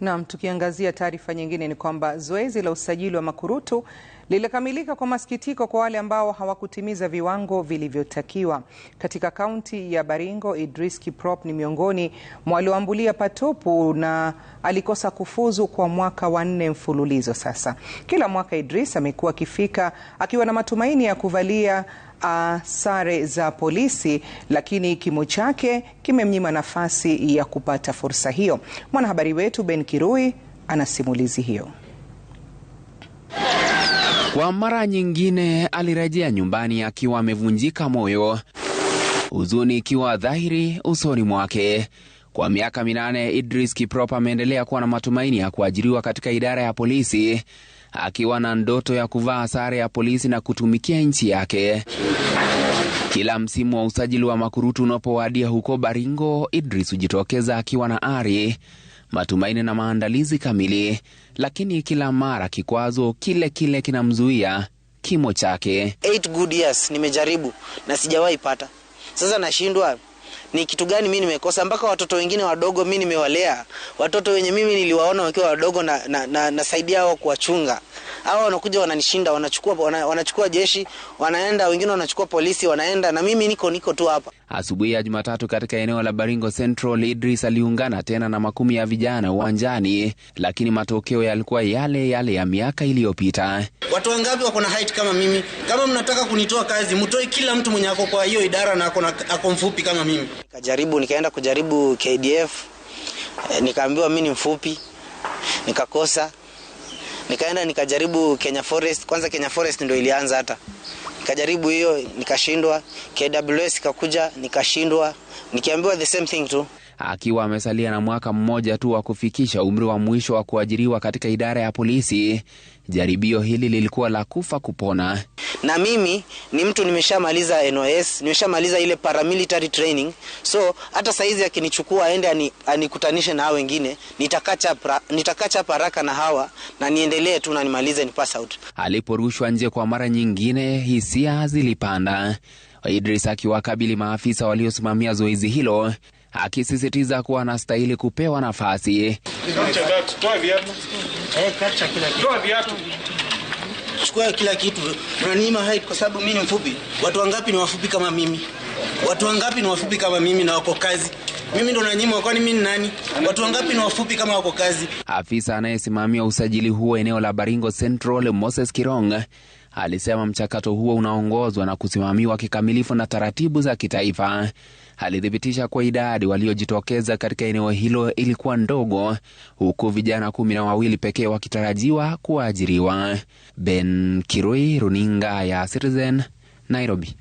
Naam, tukiangazia taarifa nyingine ni kwamba zoezi la usajili wa makurutu lilikamilika kwa masikitiko kwa wale ambao hawakutimiza viwango vilivyotakiwa. Katika kaunti ya Baringo, Idris Kiprop ni miongoni mwa walioambulia patupu na alikosa kufuzu kwa mwaka wa nne mfululizo sasa. Kila mwaka Idris amekuwa akifika akiwa na matumaini ya kuvalia uh, sare za polisi, lakini kimo chake kimemnyima nafasi ya kupata fursa hiyo. Mwanahabari wetu Ben Kirui anasimulizi hiyo. Kwa mara nyingine alirejea nyumbani akiwa amevunjika moyo, huzuni ikiwa dhahiri usoni mwake. Kwa miaka minane Idris Kiprop ameendelea kuwa na matumaini ya kuajiriwa katika idara ya polisi akiwa na ndoto ya kuvaa sare ya polisi na kutumikia nchi yake. Kila msimu wa usajili wa makurutu unapowadia huko Baringo, Idris hujitokeza akiwa na ari matumaini na maandalizi kamili, lakini kila mara kikwazo kile kile kinamzuia kimo chake. Eight good years nimejaribu na sijawahi pata, sasa nashindwa ni kitu gani mimi nimekosa, mpaka watoto wengine wadogo mimi nimewalea, watoto wenye mimi niliwaona wakiwa wadogo na, na, na, nasaidia wao kuwachunga hawa wanakuja wananishinda, wanachukua wana, wanachukua jeshi wanaenda, wengine wanachukua polisi wanaenda, na mimi niko niko tu hapa. Asubuhi ya Jumatatu katika eneo la Baringo Central, Idris aliungana tena na makumi ya vijana uwanjani, lakini matokeo yalikuwa yale yale ya miaka iliyopita. Watu wangapi wako na height kama mimi? Kama mnataka kunitoa kazi, mtoe kila mtu mwenye ako kwa hiyo idara na ako, na, ako mfupi kama mimi. kajaribu nikaenda kujaribu KDF, eh, nikaambiwa mimi ni mfupi, nikakosa nikaenda nikajaribu Kenya Forest. Kwanza Kenya Forest ndio ilianza hata, nikajaribu hiyo nikashindwa. KWS ikakuja nikashindwa, nikiambiwa the same thing tu. Akiwa amesalia na mwaka mmoja tu wa kufikisha umri wa mwisho wa kuajiriwa katika idara ya polisi, jaribio hili lilikuwa la kufa kupona na mimi ni mtu nimeshamaliza NYS, nimeshamaliza ile paramilitary training, so hata saizi akinichukua aende anikutanishe na hao wengine, nitakacha nitakacha haraka na hawa na niendelee tu na nimalize ni pass out. Aliporushwa nje kwa mara nyingine, hisia zilipanda, Idris akiwakabili maafisa waliosimamia zoezi hilo akisisitiza kuwa anastahili kupewa nafasi chukua kila kitu, unaninyima height kwa sababu mimi ni mfupi. Watu wangapi ni wafupi kama mimi? Watu wangapi ni wafupi kama mimi na wako kazi? Mimi ndo nanyima kwani mimi ni nani? Watu wangapi ni wafupi kama wako kazi? Afisa anayesimamia usajili huo eneo la Baringo Central, Moses Kirong alisema mchakato huo unaongozwa na kusimamiwa kikamilifu na taratibu za kitaifa. Alithibitisha kuwa idadi waliojitokeza katika eneo hilo ilikuwa ndogo, huku vijana kumi na wawili pekee wakitarajiwa kuajiriwa. Ben Kirui, runinga ya Citizen, Nairobi.